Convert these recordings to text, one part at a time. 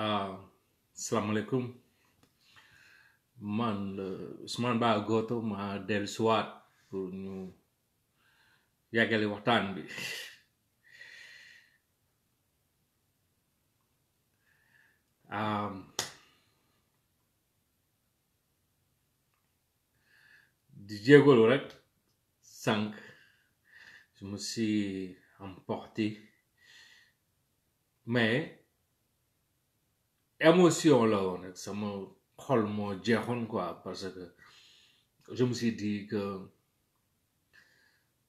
asalaamaaleykum man Ousmane eh, Ba Goto ma dellusiwaat pour ñu yàggale waxtaan bi di jégalu rek sànq je me suis emporté mais. émotion la woon rek sama xol moo jeexoon quoi parce que je me suis dit que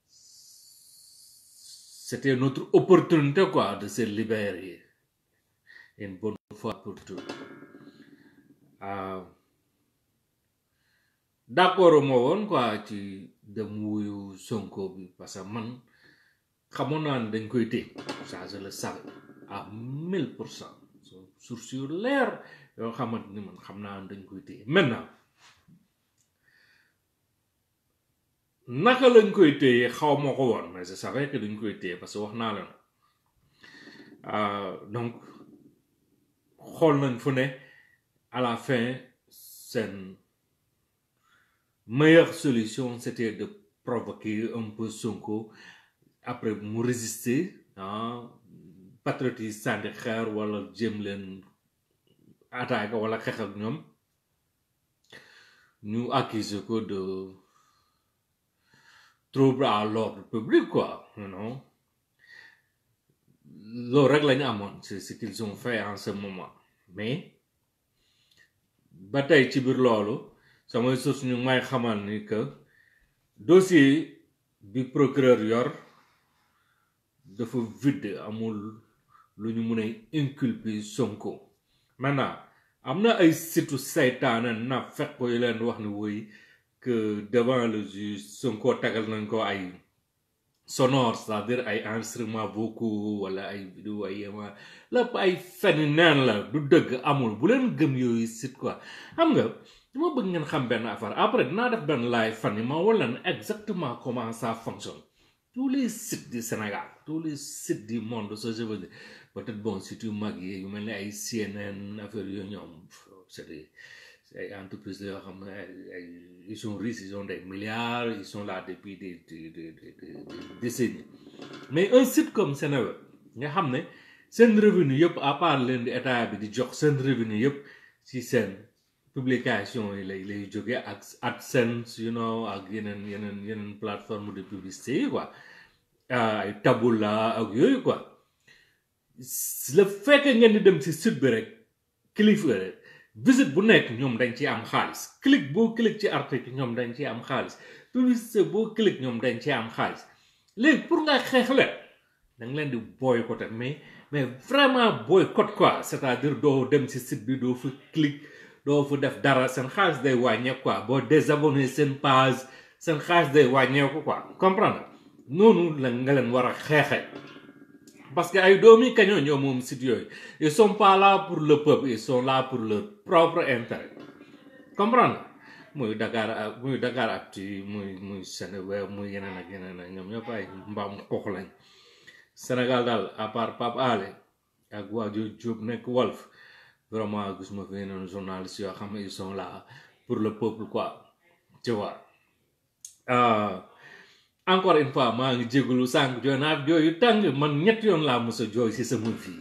c'était notre opportunité quoi de se libérer une bonne fois pour tout ah, d'accord moo woon quoi ci dem wuyu Sonko bi parce que man xamoon naa ne dañ koy téye ça je le savais à pour cent source yu leer yoo xamante ni man xam naa dañ koy téye maintenant naka lañ koy téye xaw mais je savais que dañ koy téye parce que wax naa leen euh, donc xool nañ fu ne à la fin seen meilleure solution c'était de provoquer un peu Sonko après mu résister ah, patriotes yi sànni xeer walla jéem leen attaque wala xeex ñoom ñu accuse ko de trouble à l'ordre public quoi you know loolu rek lañu amoon c'est ce qu'ils ont fait en ce moment mais ba tey ci biir loolu samay source ñu may xamal ni que dossier bi procureur yor dafa vide amul lu ñu mun a inculper Sonko maintenant am na ay situ seytaan na fekk yu leen wax ni woy que devant le juge Sonko tagal nañ ko ay sonore c'est-à-dire ay instruments vocaux wala ay vidéo ay yema lépp ay fen neen la du dëgg amul bu leen gëm yooyu sit quoi xam nga dama bëgg ngeen xam benn afar après dinaa def benn live fan yi ma wan leen exactement comment ça fonctionne tous les sit du Sénégal tous les sit di monde ce je peut-être bon surtout yu mag yi yu mel ne ay CNN affaire yooyu ñoom c'est ay entreprises la yoo xam ne ay ils sont des milliards ils sont là depuis des des des décennies mais un site comme Seneweb nga xam ne seen revenu yëpp à part leen di état bi di jox seen revenu yëpp si seen publication yi lay lay jóge ak AdSense you know ak yeneen yeneen yeneen plateforme de publicité yi quoi ah, ay Taboola ak yooyu quoi. le fait que ngeen di dem si site bi rek clic visite bu nekk ñoom dañ ci am xaalis clic boo clic ci article ñoom dañ ciy am xaalis publicité boo clic ñoom dañ ciy am xaalis léegi pour nga xeex leen da leen di booyu boycotter mais mais vraiment boycott quoi c'est-à-dire doo dem ci site bi doo fa clic doo fa def dara seen xaalis day wàññeeku quoi boo désabonné seen page seen xaalis day wàññeeku quoi comprendre noonu la nga leen war a xeexee. parce que ay doomi kañoo ñoo moom site yooyu ils sont pas pour le peuple ils sont là pour leur propre intérêt comprendre muy Dakar muy muy muy ak yeneen ak ñoom ñëpp ay daal à part Pape ak waajo Diop nekk Walf vraiment gisuma fi yeneen journalistes yoo xam ne ils sont pour le peuple quoi tu vois euh, encore une fois maa ngi jégalu sànq jooy naa jooy yu tàng man ñett yoon laa mos a jooy si sama fii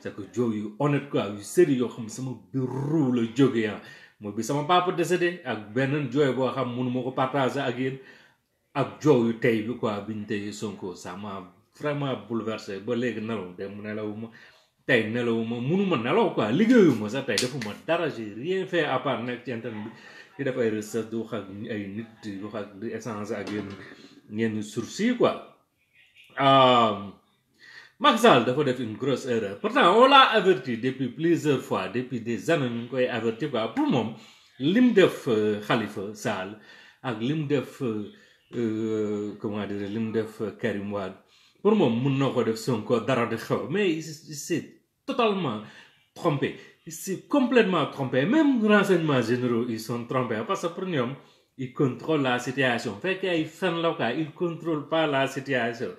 c'est que jooy yu honnête quoi yu sérieux yoo xam sama biir ruu la jógee ah mooy bi sama papa décédé ak benn jooy boo xam mënu ma ko partager ak yéen ak jooy yu tey bi quoi biñ tey Sonko ça m'a vraiment bouleversé ba léegi nelaw dem nelawu ma tey nelawu ma mënu ma nelaw quoi liggéeyu ma sa tey defuma dara j'ai rien fait à part nekk ci internet bi di def ay recherche ak ay nit di ñenn source yi quoi euh, Macky Sall dafa def une grosse erreur pourtant on l'a depuis plusieurs fois depuis des années ñu ngi koy averti quoi pour moom lim def euh, Khalifa Sall ak lim def euh, comment dire lim def Karim Wade pour moom mun na ko def Sonko dara di xew mais c'est totalement trompé c'est complètement trompé même renseignements généraux ils sont trompés parce que pour ñoom il contrôle la situation fekkee ay fen la quoi il contrôle pas la situation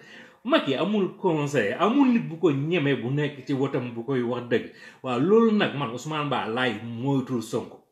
Macky amul conseil amul nit bu ko ñemee bu nekk ci wotam bu koy wax dëgg waaw loolu nag man Ousmane Ba laay moytul Sonko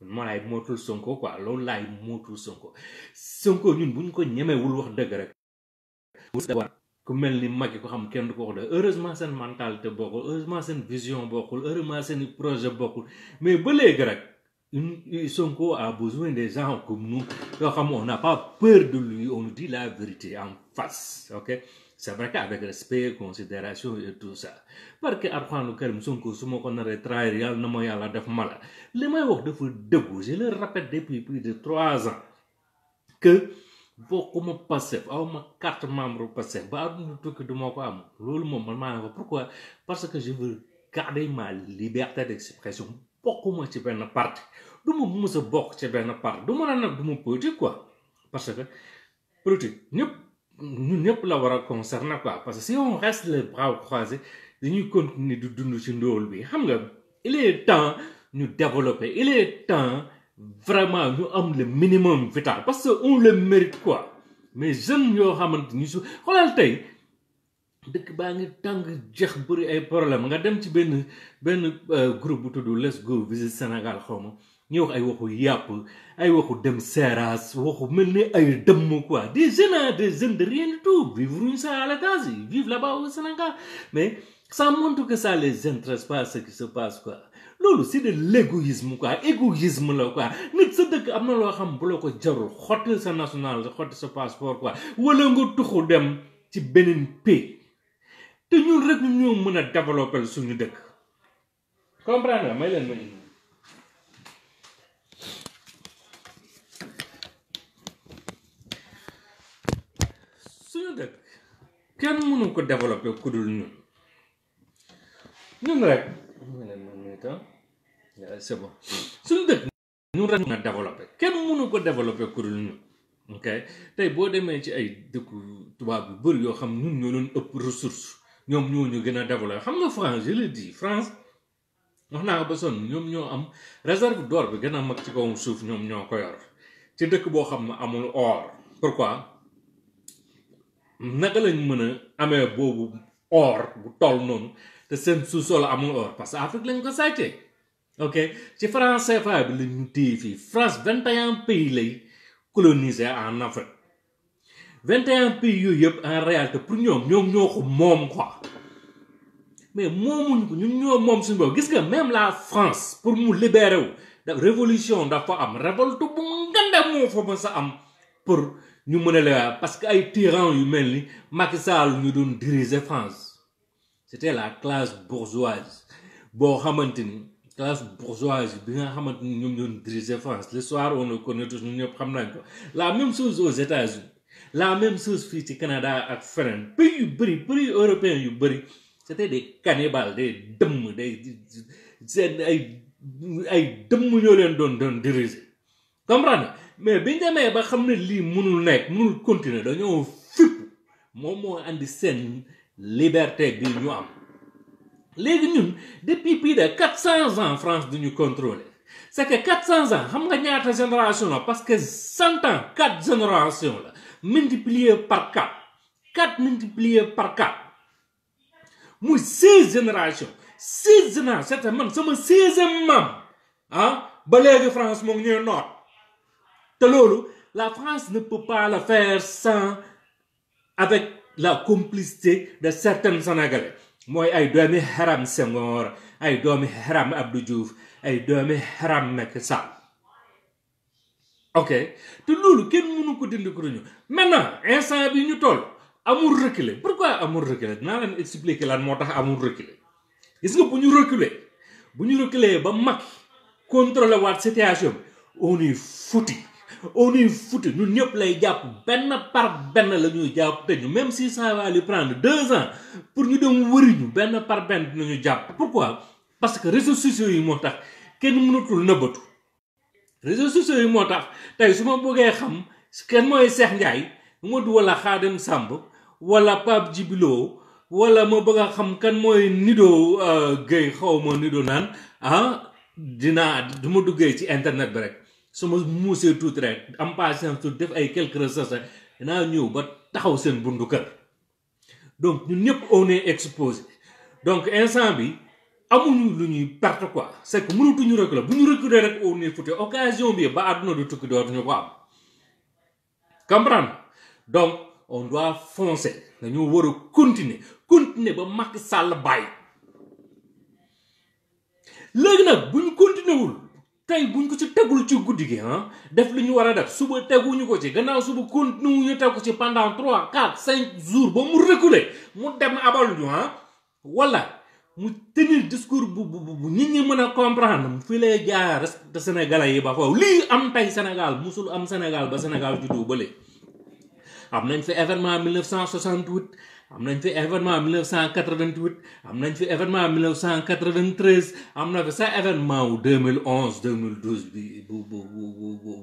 man laay moytul Sonko quoi loolu laay moytul Sonko Sonko ñun bu ñu ko ñemewul wax dëgg rek. ku mel ni mag yi ko xam kenn du ko wax de heureusement seen mentalité bokkul heureusement seen vision bokkul heureusement seen projet bokkul mais ba léegi rek. Sonko a besoin des gens comme nous. on n'a pas peur de lui, on nous dit la vérité en face. ok C'est vrai qu'avec respect, considération et tout ça. Parce que après le calme, Sonko, si on a trahi, il n'a pas de mal. Les maillots de vous debout, je le rappelle depuis plus de trois ans que beaucoup me passent, au ma carte membre passée, bah, tout que de moi, quoi, l'autre moment, pourquoi? Parce que je bokkuma ci benn parti du ma mës a bokk ci benn parti du ma na nag du ma politique quoi parce que politique ñëpp ñun ñëpp la war a concerner quoi parce que si on reste les bras croisés dañuy continuer du dund ci ndóol bi xam nga il est temps ñu développé il est temps vraiment ñu am le minimum vital parce que on le mérite quoi mais jeunes yoo xamante ni su xoolal tey dëkk baa ngi tàng jeex bëri ay problème nga dem ci benn benn euh, groupe bu tudd let's go visit Sénégal xaw ma ñuy wax ay waxu yàpp ay waxu dem seeraas waxu mel ni ay dëmm quoi des jeunes des jeunes de rien du tout vivre ñu ça sa l'étage yi vivent là-bas au Sénégal mais ça montre les intéresse pas ce qui se passe quoi loolu c'est de l'égoïsme quoi égoïsme la sa dëkk am na loo xam bu ko jarul xotti sa national xotti sa passeport quoi wala nga tuxu dem ci beneen pays te ñun rek ñu ñoo mën a développer suñu dëkk comprendre ma indi suñu dëkk kenn mënu ko développer ku dul ñun ñun rek may ma minute c'est bon suñu dëkk ñun rek ñu a développer kenn mënu ko développer ku dul ñun ok tey boo demee ci ay dëkku tubaab yu bëri yoo xam ñun ñoo leen ëpp ressource ñoom ñoo ñu gën a développé xam nga France je le dis France wax naa ba sonn ñoom ñoo am réserve d'or bi gën a mag ci kawam suuf ñoom ñoo ko yor ci dëkk boo xam ne amul or. pourquoi naka lañ mën a amee boobu or bu toll noonu te seen suuf sol amul or parce que Afrique lañ ko sàccee ok ci France CFA bi lañu téye fii France 21 pays lay coloniser en Afrique. 21 pays yooyu yëpp en réalité pour ñoom ñoom ñoo ko moom quoi mais moomuñ ko ñun ñoo moom suñu bopp gis nga même la France pour mu libéré wu daf révolution dafa am révolte bu nganda moo fa mës a am pour ñu mën a la parce que ay tyran yu mel ni Macky Sall ñu doon diriger France c'était la classe bourgeoise boo xamante ni classe bourgeoise bi nga xamante ni ñoom ñoon diriger France l'histoire on le connaît tous ñun ñëpp xam nañ ko la même chose aux états la même chose fii ci Canada ak feneen pays yu bëri pays européen yu bëri c'était des cannibales des dëmm day seen ay ay dëmm ñoo leen doon doon diriger comprendre mais biñ demee ba xam ne lii mënul nekk mënul continuer dañoo fipp moom moo indi seen liberté bi ñu am léegi ñun depuis plus de quatre cents ans France duñu contrôler c'est que quatre cents ans xam nga ñaata génération la parce que cent ans quatre génération la multiplié par 4 4 multiplié par 4 muy 16 génération 16 génération sama 16e maam ah ba France moom ñuy noot te loolu la France ne peut pas la faire sans avec la complicité de certains Sénégalais mooy ay doomi xaram Senghor ay doomi xaram Abdou ay doomi xaram Macky ok te loolu kenn mënu ko dindi ko duñu maintenant instant bi ñu toll amul reculer pourquoi amul reculer dinaa leen expliquer lan moo tax amul reculer gis bu ñu reculer bu ñu reculer ba mag contrôler waat situation bi on est foutu on est foutu ñëpp lay jàpp benn par benn la ñuy jàpp te même si ça va lui prendre deux ans pour ñu dem wëri ñu benn par benn dinañu jàpp pourquoi parce que réseaux sociaux yi moo tax kenn mënatul nëbbatu réseaux sociaux yi moo tax tey su ma bëggee xam kenn mooy Cheikh Ndiaye ma du wala Xaadim Samb wala Pape Djibiloo wala ma bëgg a xam kan mooy Nido euh, Guèye xaw ma Nido naan ah dinaa du ma duggee ci internet bi rek su ma muusee tuuti rek am patience tuuti def ay quelques recherches dinaa ñëw ba taxaw seen bundu donc ñun ñëpp on est exposé donc instant bi. amuñu lu ñuy perte quoi c'est que mënatuñu reculer bu ñu reculer rek au nez fute occasion bi ba àdduna du tukki dootuñu ko am comprendre donc on doit foncer dañoo war a continuer continuer ba Macky sàll bàyyi léegi nag bu ñu continuer wul tey bu ñu ko ci tegul ci guddi gi ah def li ñu war a def suba teguñu ko ci gannaaw suba continuer ñu teg ko ci pendant trois quatre cinq jours ba mu reculer mu dem abal ñu walla mu tenir discours bu bu bu nit ñi mën a comprendre fii lay jaaya reste yi ba foofu lii am tey Sénégal musul am Sénégal ba Sénégal juddoo ba léegi am nañ fi événement 1968 am nañ fi événement 1988 am nañ fi événement cent 1993 am na fi sa événement wu 2011 2012 bi bu bu bu bu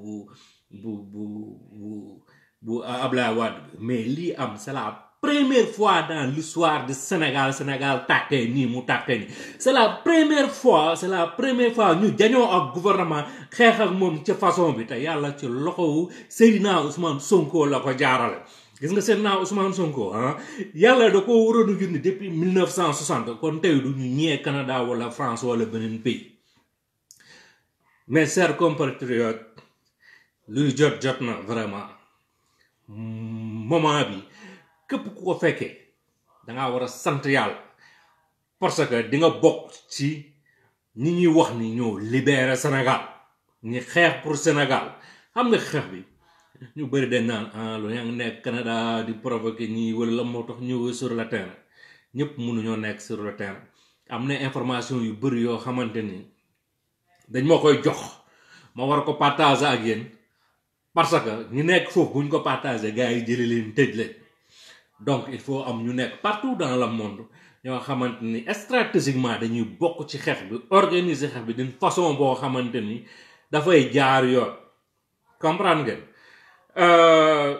bu bu bu bu bu Ablaye Wade mais lii am c'est première fois dans l'histoire du Sénégal Sénégal tàkkee nii mu tàkkee nii c'est la première fois c'est la première fois ñu jañoo ak gouvernement xeexal ak moom ci façon bi te yàlla ci loxowu Seydina Ousmane Sonko la ko jaarale gis nga Seydina Ousmane Sonko ah yàlla da ko waroon a junni depuis 1960 kon tey du ñu ñee Canada wala France wala beneen pays mes chers compatriotes luy jot jot na vraiment moment bi képp ku ko fekkee dangaa war a sant yàlla parce que di nga bokk ci ñi ñuy wax ni ñoo libéré Sénégal ñi xeex pour Sénégal xam nga xeex bi ñu bëri den naan ah lu yaa nekk Canada di provoquer ñii wala la moo tax ñëw sur le terrain ñëpp mënuñoo nekk sur le terrain am na information yu bëri yoo xamante ni dañ ma koy jox ma war ko partager ak yéen parce que ñi nekk foofu buñ ko partager gars yi jëlee leen tëj leen. donc il faut am ñu nekk partout dans le monde ñoo xamante ni stratégiquement dañuy bokk ci xeex bi organiser xeex bi d'une façon boo xamante ni dafay jaar yoon comprendre ngeen euh,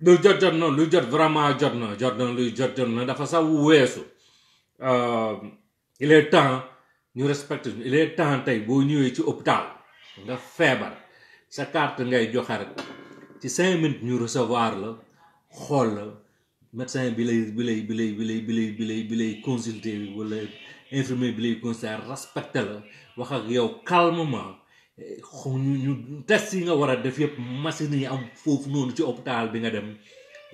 lu jot jot na lu jot vraiment jot na jot na luy jot jot na dafa sax weesu euh, il est temps ñu respecte il est temps tey boo ñëwee ci hôpital nga feebar sa carte ngay joxe rek ci cinq minutes ñu recevoir la xool la médecin bi lay bi lay bi lay bi lay bi lay bi lay bi lay consulter wala infirmier bi lay consulter respecté la wax ak yow calmement ñu test yi nga war a def yëpp machine yi am foofu noonu ci hôpital bi nga dem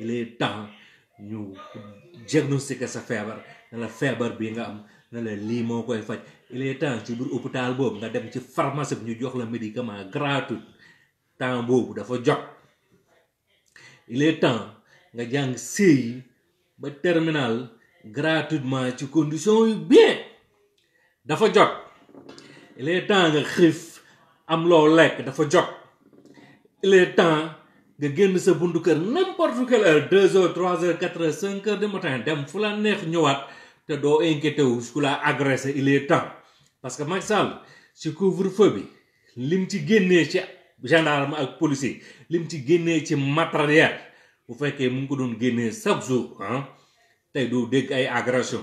il temps ñu diagnostiqué sa feebar ne la feebar bi nga am ne la lii moo koy faj il temps ci biir hôpital boobu nga dem ci pharmacie bi ñu jox la médicament gratuit temps boobu dafa jot il est temps nga jàng CI ba terminal gratuitement ci condition yu bien dafa jot il est temps nga xiif am loo lekk dafa jot il est nga génn sa buntu kër n'importe quelle heure deux heures trois heures quatre heures cinq heures du matin dem fu la neex ñëwaat te doo inquiété wu su la agressé il est temps parce ci couvre-feu bi lim ci génnee ci gendarme ak policier lim ci génnee ci matériel bu fekkee mu ngi ko doon génnee chaque jour ah tey doo dégg ay agression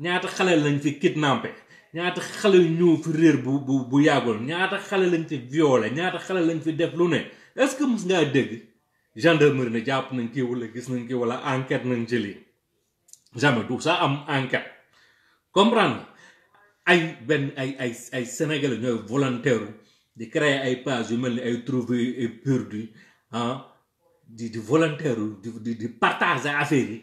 ñaata xale lañ fi kidnappé ñaata xale ñoo fi réer bu bu bu yàggoon ñaata xale lañ fi violé ñaata xale lañ fi def lu ne est-ce que mos ngaa dégg gendarmerie na jàpp nañ kii wala gis nañ kii wala enquête nañ ci lii jamais du ça am enquête comprendre ay benn ay ay ay sénégalais ñooy volontaire di créer ay page yu mel ni ay trouver et produit ah di di volontaire di di di partager affaire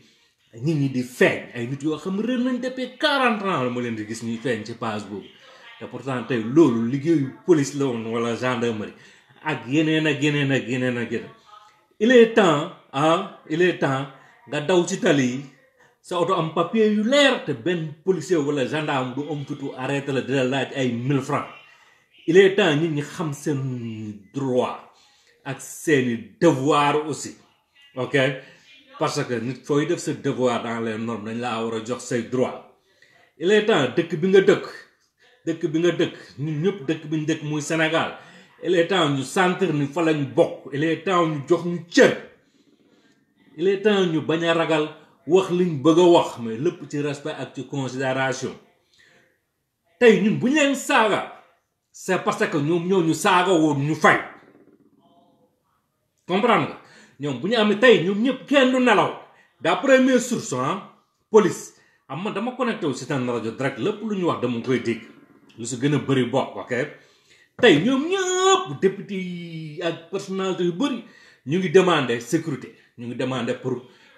yi nit ñi di feeñ ay nit yoo xam ren nañ depuis quarante ans la ma leen di gis ñuy feeñ ci page boobu te pourtant tey loolu liggéeyu police la woon wala gendarmerie ak yeneen ak yeneen ak yeneen ak yeneen il est temps ah il est temps nga daw ci tali yi sa oto am papier yu leer te benn policier wala gendarme du am futu arrêté la dina laaj ay mille francs il est temps nit ñi xam seen droit ak seeni devoir aussi ok parce que nit fooy def sa devoir dans les normes dañ laa war a jox say droit il est temps dëkk bi nga dëkk dëkk bi nga dëkk ñun ñëpp dëkk bi ñu dëkk muy Sénégal il est temps ñu sentir ni fa lañ bokk il est temps ñu jox ñu cër il est temps ñu bañ a ragal wax liñ bëgg a wax mais lépp ci respect ak ci considération tey ñun bu ñu leen saaga c'est parce que ñoom ñoo ñu saaga woon ñu fay comprendre nga ñoom bu ñu amee tey ñoom ñëpp kenn du nelaw d'après mes sources ah police am man dama connecté wu si seen rajo direct lépp lu ñu wax dama koy dégg lu si gën a bëri bokk ok tey ñoom ñëpp député yi ak personnalité yu bëri ñu ngi demandé sécurité ñu ngi demandé pour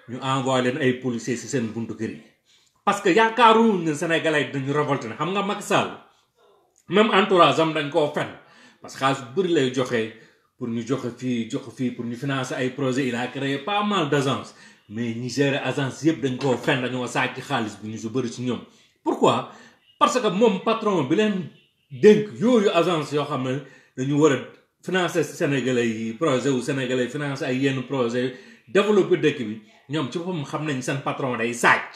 ñu envoyé leen ay policiers si seen buntu kër parce que yaakaar ne Sénégalais yi dañu révolté ne xam nga Macky Sall même entourage am dañ koo fen parce que xaalis bu bëri lay joxe pour ñu joxe fii joxe fii pour ñu finance ay projet il a créé pas mal d' agences mais ñi gérer agence yëpp dañ koo fen dañoo sàcc xaalis bi ñu su bëri si ñoom. pourquoi parce que moom patron bi leen dénk yooyu agence yoo xam ne dañu war a financer sénégalais yi projet wu sénégalais financer ay yenn projet développer dëkk bi ñoom ci boppam xam nañ seen patron day sàcc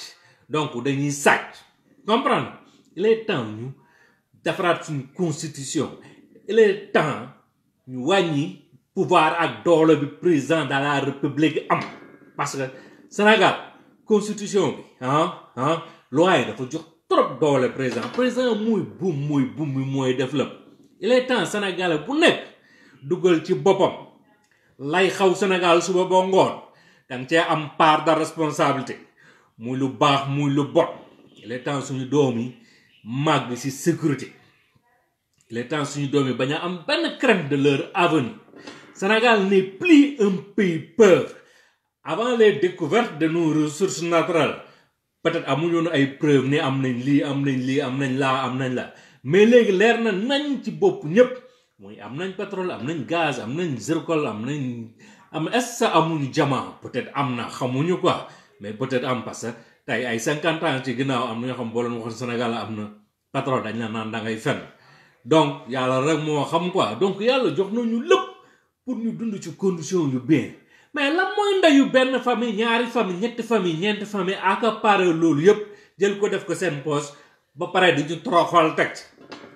donc dañuy sàcc comprendre temps ñu. defaraat suñu constitution il est temps ñu wàññi pouvoir ak doole bi président de la république am parce que Sénégal constitution bi ah ah loi yi dafa jox trop doole président président muy buum muy buum bi mooy def la il est temps sénégalais bu nekk dugal ci boppam lay xaw Sénégal suba ba ngoon danga cee am part de responsabilité muy lu baax muy lu bon il est temps suñu doom yi màgg si sécurité les temps suñu doom yi bañ a am benn crainte de leur avenir Sénégal n'est plus un pays pauvre avant les découvertes de nos ressources naturelles peut-être amuñu woon ay preuves ni am nañ lii am nañ lii am nañ laa am nañ la mais léegi leer na nañ ci bopp ñëpp mooy am nañ pétrole am nañ gaz am nañ zircon am nañ am est-ce amuñu diamant peut-être am na xamuñu quoi mais peut-être am tey ay cinquante ans ci ginnaaw am na ñoo xam boo leen waxoon Sénégal am na pétrole dañ la naan da ngay fenn donc yàlla rek moo xam quoi donc yàlla jox na ñu lépp pour ñu dund ci condition yu bien mais la mooy ndeyu benn famille ñaari famille ñetti famille ñeenti famille accaparé loolu yëpp jël ko def ko seen poche ba pare di ñu troxal teg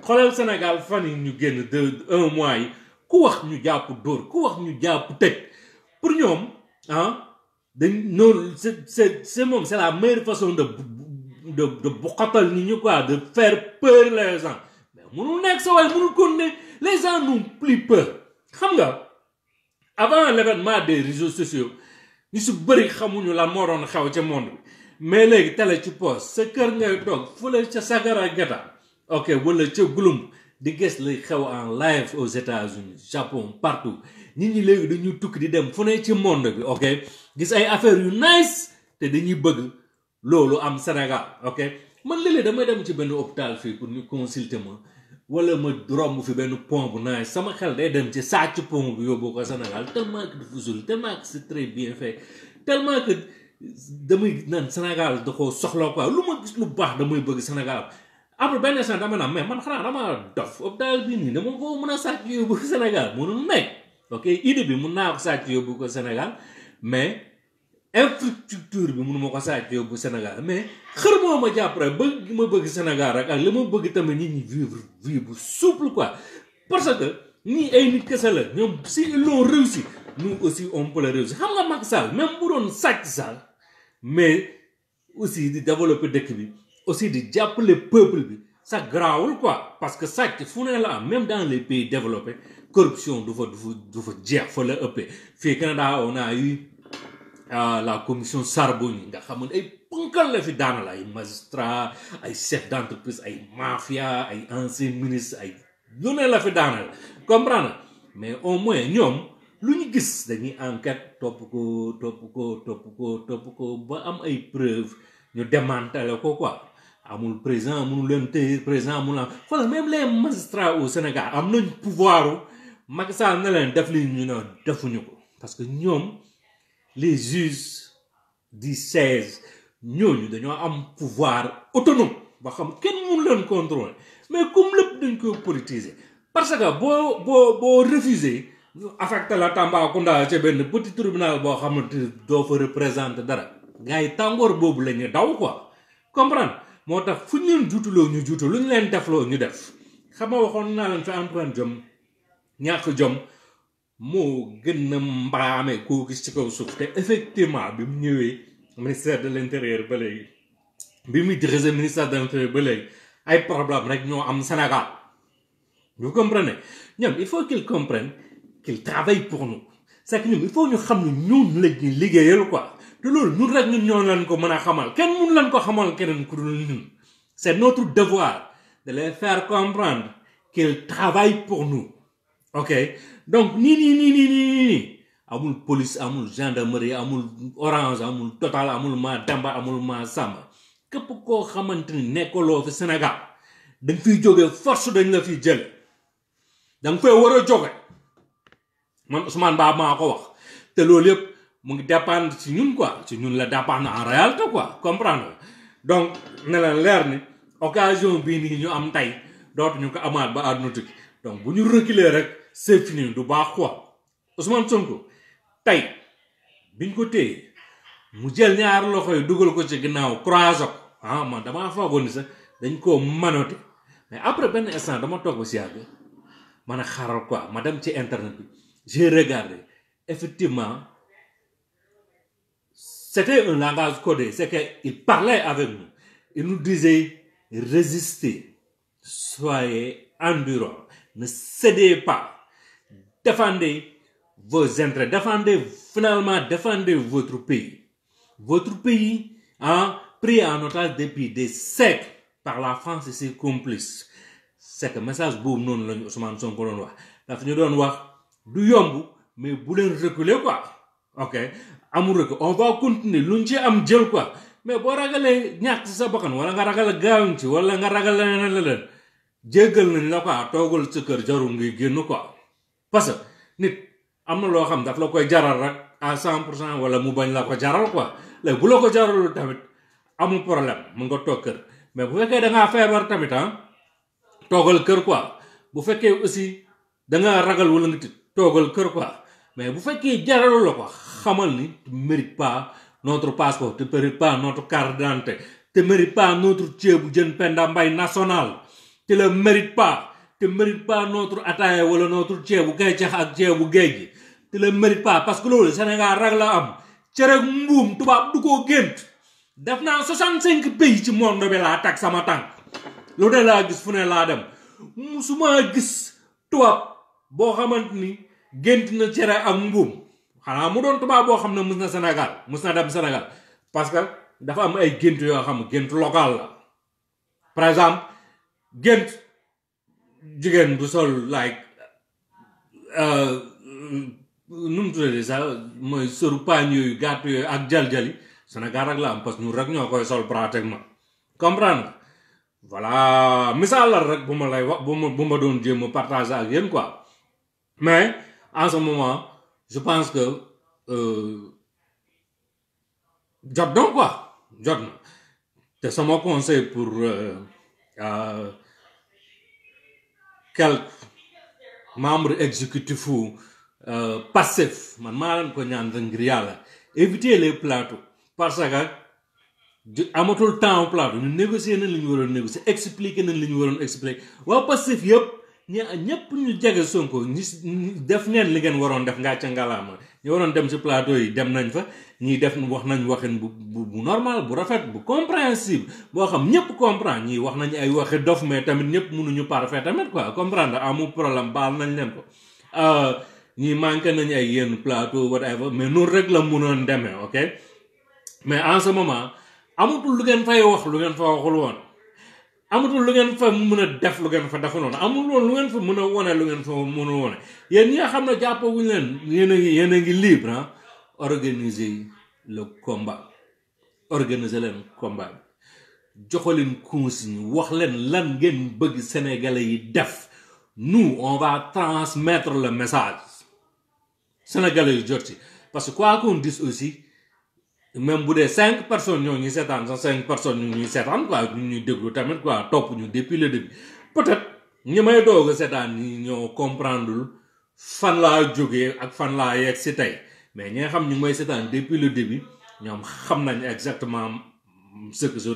xoolal Sénégal fan yi ñu génn deux un mois yi ku wax ñu jàpp dóor ku wax ñu jàpp tëj pour ñoom ah. dañ noonu c'est c'est c'est moom c'est la maire façon de de de buqatal nit ñi quoi de faire peur les gens mais mënul nekk sa waay mënul kon ne les gens n'ont plus peur xam nga avant l'événement des réseaux sociaux ñu si bëri xamuñu la moo xew ca monde mais léegi télé ci poos sa kër ngay toog fële ca Sagara Gata ok walla ca Gulum di gis lay xew en live aux États-Unis Japon partout nit ñi léegi dañu tukki di dem fone ne ci monde bi ok gis ay affaire yu nice te dañuy bëgg loolu am Sénégal ok man léeg-léeg damay dem ci benn hôpital fii pour ñu consulter ma wala ma romb fi benn pont bu nice sama xel day dem ci sàcc pont bi yóbbu ko Sénégal tellement que dafa suul tellement que très bien fait tellement que damay naan Sénégal da koo soxla quoi lu ma gis lu baax damay bëgg Sénégal après benn instant dama naan man xanaa dama dof hôpital bii nii dama koo mën a sàcc yóbbu Sénégal mënul nekk ok idée bi mun naa ko sàcc yóbbu ko Sénégal mais infrastructure bi munuma ko sàcc yóbbu Sénégal mais xër moo ma jàpp rek bëgg ma bëgg Sénégal rek ak li ma bëgg tamit nit ñi vivre vie bu souple quoi parce que nii ay nit kese la ñoom si ils réussi nous aussi on peut le réussir xam nga Macky Sall même bu doon sàcc Sall mais aussi di développer dëkk bi aussi di jàppale peuple bi ça garaawul quoi parce que sac fu ne la am même dans les pays développés corruption du fa du fa du fa jeex fa la ëppee fii Canada on a eu euh, la commission Sarboni nga xam ne ay pënkal la fi daana la ay magistrat ay chef d'entreprise ay mafia ay ancien ministre ay lu ne la fi daana la comprendre mais au moins ñoom lu ñu gis dañuy enquête topp ko topp ko topp ko topp ko ba am ay preuve ñu démantelé ko quoi amul président mënu leen téye président mënu la xoolal même leen magistrats au Sénégal am nañ pouvoir Macky Sall na leen def li ñu ne defuñu ko parce que ñoom les juges du seize ñooñu dañoo am pouvoir autonome boo xam kenn mënu leen contrôler mais comme lépp dañ ko politiser parce que boo boo boo ñu affecté la Tambacounda ca benn petit tribunal boo xamante doo fa représenter dara gars yi tàngoor boobu la ñu daw quoi comprendre moo tax fu ñu leen juutuloo ñu juutu lu ñu leen defloo ñu def xam waxoon naa leen fi emprunté jom ñàkk jom moo gën a mbaame koo gis ci kaw suuf te effectivement bi mu ñëwee ministère de l' intérieur ba léegi bi muy dirigé ministère de l' ba léegi ay problème rek ñoo am Sénégal vous comprenez ñoom il faut qu'ils comprennent qu'ils travaillent pour nous c'est que ñoom il faut ñu xam ne ñun la liggéeyal quoi te loolu ñun rek ñun ñoo leen ko mën a xamal kenn mun lan ko xamal keneen ku dul ñun c'est notre devoir de les faire comprendre qu'ils travaillent pour nous ok donc nii nii nii nii nii nii amul police amul gendarmerie amul orange amul total amul ma damba amul ma sàmba képp koo xamante ni nekkaloo fi Sénégal dañ fiy jógee force dañ la fiy jële danga fay war a jóge man Ousmane Ba maa ko wax te loolu yëpp mu ngi dépendre ci ñun quoi ci ñun la dépendre en réalité quoi comprendre donc ne la leer ni occasion bii nii ñu am tey dootuñu ko amaat ba àdduna tukki donc bu ñu reculer rek c'est fini du baax quoi Ousmane Sonko tey biñ ko téye mu jël ñaar loxo yi dugal ko ci ginnaaw croisé ko ah man damaa foogoon ni sax dañ koo manote mais après benn instant dama toog ba si yàgg man a xaral ko ma dem ci internet bi j'ai regardé effectivement. c'était un langage codé, c'est qu'il parlait avec nous. Il nous disait, résistez, soyez endurants, ne cédez pas, défendez vos intérêts, défendez finalement, défendez votre pays. Votre pays, hein, pris en otage depuis des siècles par la France et ses complices. C'est que message boobu noonu la ñu Ousmane Sonko doon wax daf ñu doon wax du yomb mais bu leen reculer quoi. ok amul rek on va continuer luñ ci am jël quoi mais boo ragalee ñàkk ci sa bakkan wala nga ragal gaañ ci wala nga ragal leneen leneen jéggal nañ la quoi toogal sa kër jarul ngay génn ko parce que nit am na loo xam daf la koy jaral rek à cent pour cent wala mu bañ la ko jaral ko léegi bu la ko jaralul tamit amul problème mun nga toog kër mais bu fekkee da ngaa feebar tamit ah toogal kër quoi bu fekkee aussi da ragal wala nga tit toogal kër quoi. mais bu fekkee jaralul la ko xamal ni tu mérite pas notre passeport tu mérite pas notre carte d'identité tu mérite pas notre bu jën Penda Mbaye national tu le mérite pas tu mérite pas notre ataaya wala notre ceebu gàncax ak ceebu géej gi tu le mérite pas parce que loolu Sénégal rek la am cere ak mbuum tubaab du ko gént def naa cinq pays ci monde bi laa tag sama tànk lu de laa gis fu ne laa dem su musuma gis tubaab boo xamante ni gént na cere ak mbuum xanaa mu doon tubaab boo xam ne mus na Sénégal mus na dem Sénégal parce que dafa am ay gént yoo xam gént local la par exemple gént jigéen bu sol like euh, nu mu tuddati sax mooy sëru paañ yooyu gàtt yooyu ak jal-jali Sénégal rek la am parce que rek ñoo koy sol pratiquement comprend voilà misaal la rek bu ma lay wax bu ma bu ma doon jéem a ak yéen quoi mais en ce moment je pense que euh, jot na quoi jot na te sama conseil pour euh, quelques membres exécutifs ou euh, passifs man maa leen ko ñaan ngir yàlla éviter les plateaux parce que. amatul temps au plateau ñu négocier nañ li ñu waroon négocier expliquer nañ li ñu waroon expliquer waa Pastef yëpp ña ñëpp ñu jege Sonko ñi def neen li ngeen waroon def ngaa ca ngalaama ñu waroon dem si plateau yi dem nañ fa ñii def wax nañ waxin bu bu normal bu rafet bu compréhensible boo xam ñëpp comprendre ñii wax nañ ay waxi dof mais tamit ñëpp mënuñu parfait tamit quoi comprendre amul problème baal nañ leen ko euh, ñii manqué nañ ay yenn plateau whatever mais noonu rek la mënoon demee ok mais en ce moment amatul lu ngeen fay wax lu ngeen fa waxul woon. amatul lu ngeen fa mën a def lu ngeen fa dafa noonu lu ngeen fa mën a wone lu ngeen fa mën a wone yéen ñi nga xam ne jàppawuñu leen yéen a ngi yéen a ngi libre ah organiser le combat organiser leen combat bi joxaleen consigne wax leen lan ngeen bëgg sénégalais yi def nous on va transmettre le message sénégalais yi jot ci parce que quoi qu'on dise aussi même bu dee cinq personnes ñoo ñuy seetaan sax cinq personnes ñu ñuy seetaan quoi ñu ñuy déglu tamit quoi topp ñu depuis le début peut-être ñi may doog a seetaan ñi ñoo comprendre fan laa jógee ak fan laa yegg si tey mais ñi nga xam ñu may seetaan depuis le début ñoom xam nañ exactement ce que je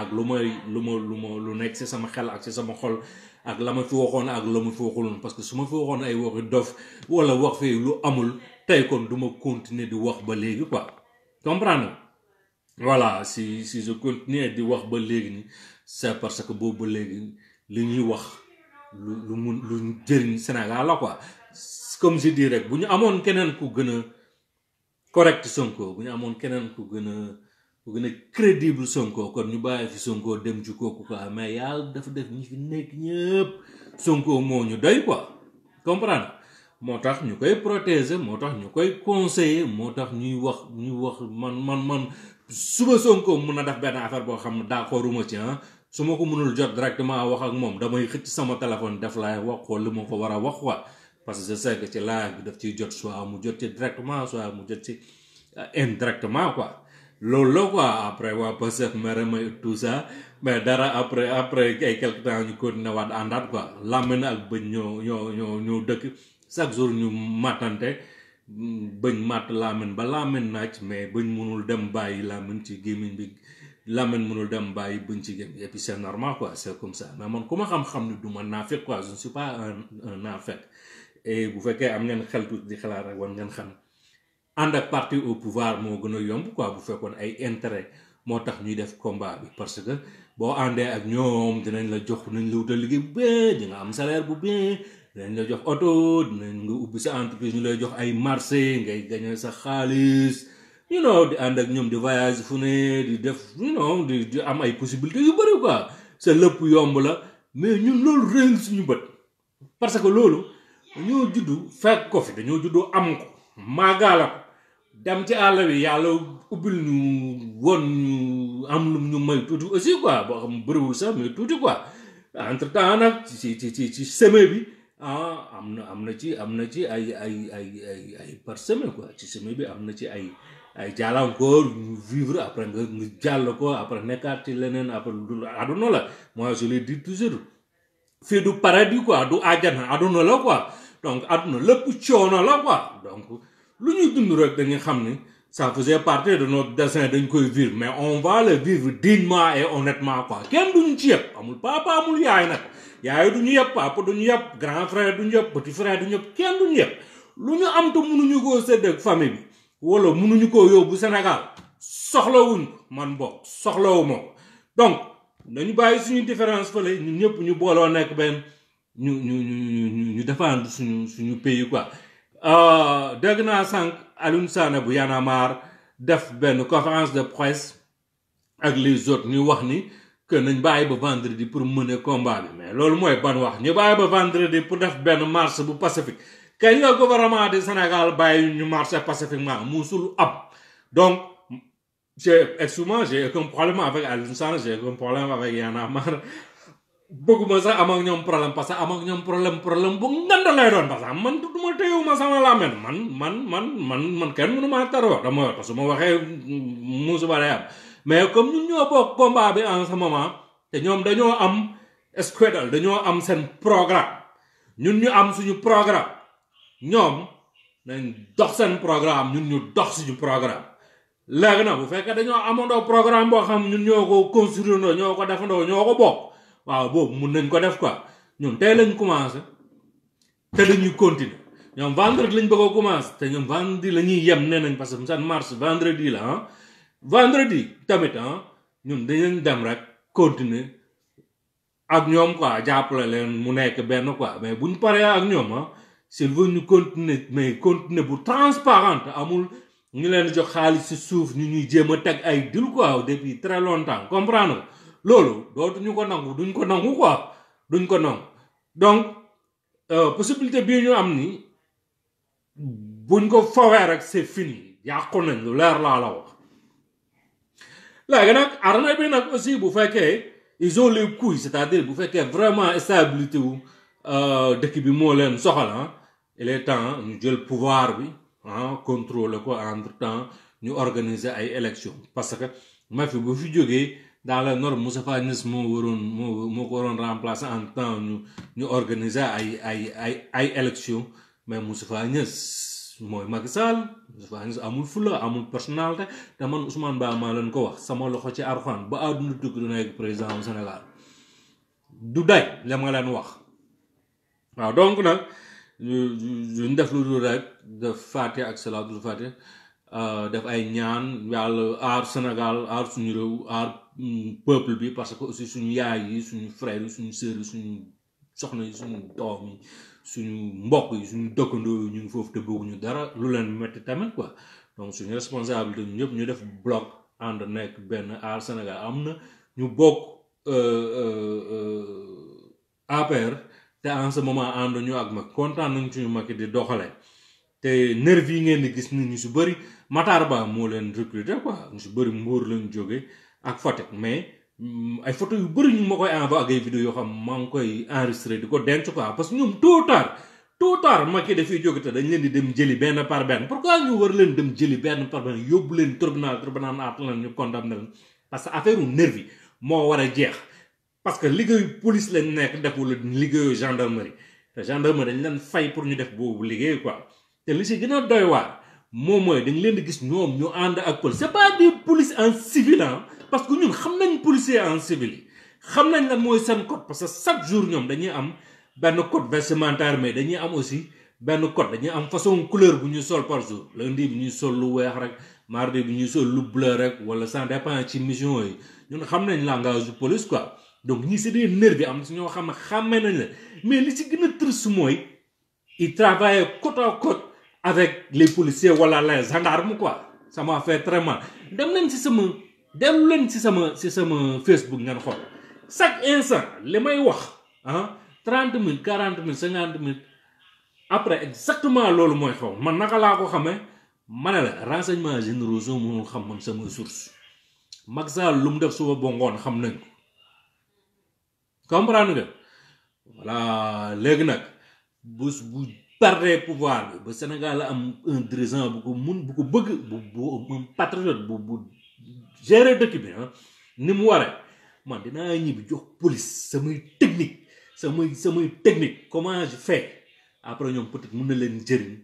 ak lu may lu ma lu ma lu nekk si sama xel ak si sama xol ak la ma fi waxoon ak la ma fi waxuloon parce que su ma fi waxoon ay waxi dof wala wax fii amul tey kon du ma continuer di wax ba léegi quoi. comprendre voilà si si je continue di wax ba léegi ni c'est parce que boobu ba léegi li ñuy wax lu lu mun lu jëriñ Sénégal la comme si dis rek bu ñu amoon keneen ku gën a correct Sonko bu ñu amoon keneen ku gën a ku gën a crédible Sonko kon ñu bàyyi fi Sonko dem ci kooku quoi mais yàlla dafa def ñi fi nekk ñëpp Sonko moo ñu doy quoi comprendre moo tax ñu koy protéger moo tax ñu koy conseiller moo tax ñuy wax ñuy wax man man man suba Sonko mun na def benn affaire boo xam ne d'accorduma ci ah su ma ko munul jot directement wax ak moom damay xëcc sama téléphone def laay wax ko li ma ko war a wax quoi parce que je sais ci laaj bi daf ci jot soit mu jot ci directement soit mu jot ci euh, indirectement quoi loolu la quoi après waa Pastef mere may tout ça mais dara après après ay quelque temps ñu continué waat àndaat quoi làmmiñ ak chaque jour ñu màttante bañ màtt laamen ba laamen naaj mais bañ mënul dem bàyyi laamen ci gémmiñ bi laamen mënul dem bàyyi bañ ci gémmiñ et puis c'est normal quoi c'est comme ça mais man ku ma xam-xam ni du ma naafeq quoi je ne suis pas un un bu fekkee am ngeen xel tuuti di xalaat rek war ngeen xam ànd ak partie au pouvoir moo gën a yomb quoi bu fekkoon ay intérêt moo tax ñuy def combat bi parce que boo àndee ak ñoom dinañ la jox nañ la wutal liggéey dinañ nga jox oto dinañ nga ubbi sa entreprise ñu lay jox ay marché ngay gañe sa xaalis you know di ànd ak ñoom di voyage fu ne di def you know di am ay possibilités yu bëri quoi sa lépp yomb la mais ñun loolu réyul suñu bët parce que loolu dañoo juddu fekk ko fi dañoo juddoo am ko maagaala ko dem ci àll bi yàlla ubbil ñu woon ñu am lu ñu may tuuti aussi quoi boo xam bëriwul sax mais tuuti quoi entre temps nag ci ci ci ci semé bi am na am na ci am na ci ay ay ay ay ay par semaine quoi ci semaine bi am na ci ay ay jàllankoor vivre après nga nga jàll ko après nekkaat ci leneen après lu àdduna la moi je le dis toujours fii du paradis quoi du àjjana àdduna la quoi donc àdduna lépp coono la quoi donc lu ñuy dund rek dañuy xam ni sa faisait partie de notre destin dañ koy vivre mais on va le vivre dignement et honnêtement quoi kenn du ñu ci yëpp amul papa amul yaay nag yaay ñu yëpp papa duñu yëpp grand frère duñu yëpp petit frère duñu yëpp kenn duñu yëpp lu ñu am te mënuñu koo séddeeg famille bi wala munuñu koo yóbbu Sénégal soxlawuñ man bokk soxlawu ma ko donc nañu bàyyi suñu différence fële ñun ñëpp ñu booloo nekk benn ñu ñu ñu ñu ñu défendre suñu suñu pays quoi Euh, dégg naa sànq Alioune Sané bu Y'en def benn conférence de presse ak les autres ñuy wax ni que nañ bàyyi ba vendredi pour mener combat bi mais loolu mooy ban wax ñu bàyyi ba vendredi pour def benn marche bu pacifique kañ la gouvernement du Sénégal bàyyi ñu marcher pacifiquement musul ab donc j'ai excuse-moi j'ai aucun problème avec Alioune Sané j'ai aucun problème avec Y'en bëgguma sax am ak ñoom problème parce que am ñoom problème problème bu nganda lay doon parce que man du ma téyewuma sama làmmiñ man man man man man kenn nu maa tar wax dama wax te su ma waxee musuba day am mais comme ñun ñoo bokk combat bi en ce moment te ñoom dañoo am squadal dañoo am seen programme ñun ñu am suñu programme ñoom nañ dox seen programme ñun ñu dox suñu programme léegi nag bu fekkee dañoo amandoo programme boo xam ñun ñoo ko construire ñoo ko defandoo ñoo ko bokk waaw boobu mun nañ ko def quoi ñun tey lañ commencé te dañuy continuer ñoom vendredi lañ bëgg commencé te ñoom vendredi la ñuy yem nee nañ parce que seen marche vendredi la ah vendredi tamit ah ñun dañu dem rek continuer ak ñoom quoi jàppale leen mu nekk benn quoi mais ñu paree ak ñoom ah s'il veut ñu continuer mais continuer bu transparente amul ñu leen di jox xaalis si suuf ñu ñuy jéem a teg ay dil quoi depuis très longtemps comprendre loolu dootuñu ko nangu duñ ko nangu quoi duñ ko nangu donc euh, possibilité bii ñu am ni buñ ko fawee rek c'est fini yàqu nañ lu leer laa la wax léegi nag armée bi nag aussi bu fekkee ils ont les couilles c'est-à-dire bu fekkee vraiment stabilité wu euh, dëkk bi moo leen soxal il est temps ñu jël pouvoir bi ah contrôler ko entre temps ñu organiser ay élections parce que ma fi bu fi jógee dans le nord Moustapha Niass moo waroon moo moo ko waroon remplacer en temps ñu ñu organiser ay ay ay ay élection mais Moustapha Niass mooy Macky Sall Moustapha Niass amul fulla amul personnalité te man Ousmane Ba maa leen ko wax sama loxo ci Arxuraan ba àdduna tukki du nekk président Sénégal du day la ma leen wax waaw donc nag ñu def lu dul rek def faate ak salaatul faate Euh, def ay ñaan yàlla aar Sénégal aar suñu réew aar mm, peuple bi parce que aussi suñu yaay yi suñu frère yi suñu sœur yi suñu soxna yi suñu doom yi suñu mbokk yi suñu dëkkandoo yi ñu ngi foofu te bëgguñu dara lu leen métti tamit quoi donc suñu responsabilité ñu ñëpp ñu def bloc ànd nekk benn aar Sénégal am na ñu bokk euh, euh, APR te en ce kontaan nañ suñu mag yi ngeen gis nit ñu su bëri Matar Ba moo leen recruter quoi ñu si bëri Mbour lañ jóge ak Fatick mais mm, ay photo yu bëri ñu ma koy envoyé ak ay vidéo yoo xam maa ngi koy enregistré di ko denc quoi parce que ñoom tôt ou tard tôt ou tard Macky dafay jóge te dañ leen di dem jëli benn par benn pourquoi ñu war leen dem jëli benn par benn yóbbu leen tribunal tribunal naat lan ñu condamné leen parce que affaire u nervi moo war a jeex parce que liggéeyu police lañ nekk def wala liggéeyu gendarmerie te gendarmerie dañ leen fay pour ñu def boobu liggéey quoi te li si gën a doy waar moom mooy dañu leen di gis ñoom ñu ànd ak pël c'est pas des police en civil parce que ñun xam nañ policier en civil yi xam nañ lan mooy seen code parce que chaque jour ñoom dañuy am benn code vestimentaire mais dañuy am aussi benn code dañuy am façon couleur bu ñuy sol par jour lundi bi ñuy sol lu weex rek mardi bi ñuy sol lu bleu rek wala ça dépend ci mission yi ñun xam nañ langage du police quoi donc ñii c'est des nervis bi am su ñoo xam ne nañ la mais li ci gën a mooy ils avec les policiers wala les gendarmes quoi ça m'a fait très mal dem leen ci sama dem leen ci sama ci sama Facebook ngeen xool chaque instant li may wax ah trente mille quarante mille cinquante mille après exactement loolu mooy xaw man naka laa ko xamee ma ne la renseignement généraux soo mënul xam man sama source Macky Sall lu mu def suba ba ngoon xam nañ ko comprendre nga voilà léegi nag bés bu perdre pouvoir bi ba Sénégal am un dirigeant bu ko mun bu ko bëgg bu bu un patriote bu bu gérer dëkk bi ah. ni mu waree man dinaa ñibbi jox police samay technique samay samay technique comment je fais après ñoom peut-être mun na leen jëriñ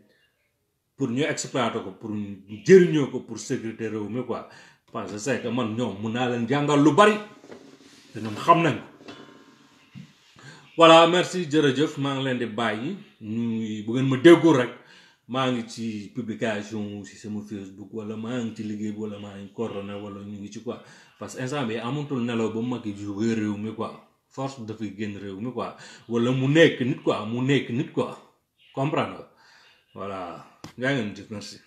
pour ñu exploiter ko pour ñu jëriñoo ko pour sécurité réew mi quoi parce que c'est que man ñoom mun naa leen jàngal lu bari te ñoom xam nañ ko voilà merci jërëjëf maa ngi leen di bàyyi ñuy bu ngeen ma déggul rek maa ngi ci publication si sama Facebook wala maa ngi ci liggéey bi wala maa ngi corona wala ñu ngi ci quoi parce que instant bi amatul nelaw ba mag yi réew mi quoi force dafay génn réew mi quoi wala mu nekk nit quoi mu nekk nit quoi comprendre voilà yaa ngeen jëf merci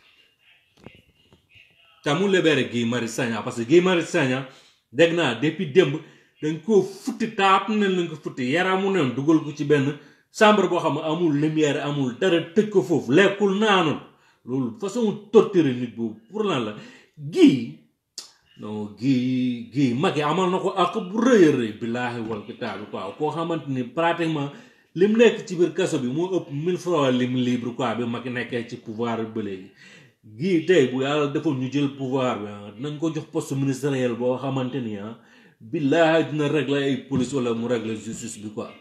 te mu libéré gii Marius Sagna parce que Guy Marius Sagna dégg naa depuis démb dañ koo futti taatu ne lañ ko futti yaramu nen dugal ko ci benn chambre boo xam ne amul lumière amul dara tëj ko foofu lekkul naanul loolu façon torture nit boobu pour lan la gii non gii gii mag yi amal na ko ak bu rëy a rëy billaahi wal kitaabi quoi koo xamante ni pratiquement lim nekk ci biir kaso bi moo ëpp mille francs lim libre quoi bi mag nekkee ci pouvoir ba léegi gii tey bu yàlla defoon ñu jël pouvoir bi dinañ ah, ko jox post ministériel boo xamante ni ah, billaahi dina régler ay police wala mu régler justice bi quoi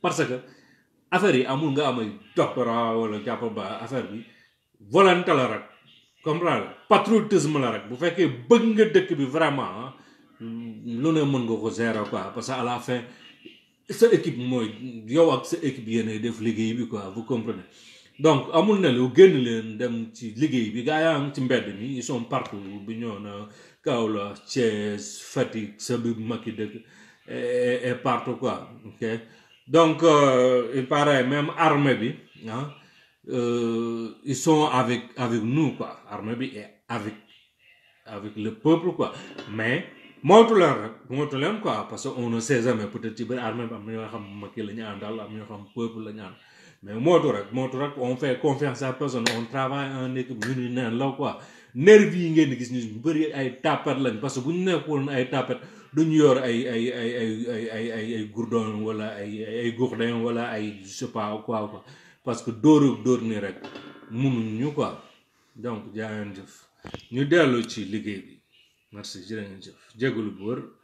parce que affaire yi amul nga amay doctorat wala jàppa ba affaire bi volonté la rek comprendre patriotisme la rek bu fekkee bëgg nga dëkk bi vraiment lu ne mën nga ko gérer quoi parce que à la fin sa équipe mooy yow ak sa équipe yéenay def liggéey bi quoi vous comprenez donc amul ne lu génn leen dem ci liggéey bi gaa yaa ngi ci mbedd mi ils sont partout bi ñëw na Kaolack Thiès Fatick Sabib Maki dëkk et partout quoi ok donc euh, il paraît même armée bi ah euh, sont avec avec nous quoi armée bi est avec avec le peuple quoi mais moytu leen rek moytu leen quoi parce que on ne sait jamais peut-être ci biir bi am ñoo xam Macky la ñu àndal am ñoo xam peuple la ñu ànd mais moytu rek moytu rek on fait confiance à personne on travaille en équipe ñu ne law quoi. nervi yi ngeen di gis ñu bëri ay tapet lañ parce que bu ñu nekkoon ay tapet duñu yor ay ay ay ay ay ay ay ay gourdon wala ay ay gourdin wala ay je sais parce que dóor dóor ni rek munuñ ñu quoi donc jaa jëf ñu delloo ci liggéey bi merci jërë ngeen jëf jégalu bu wër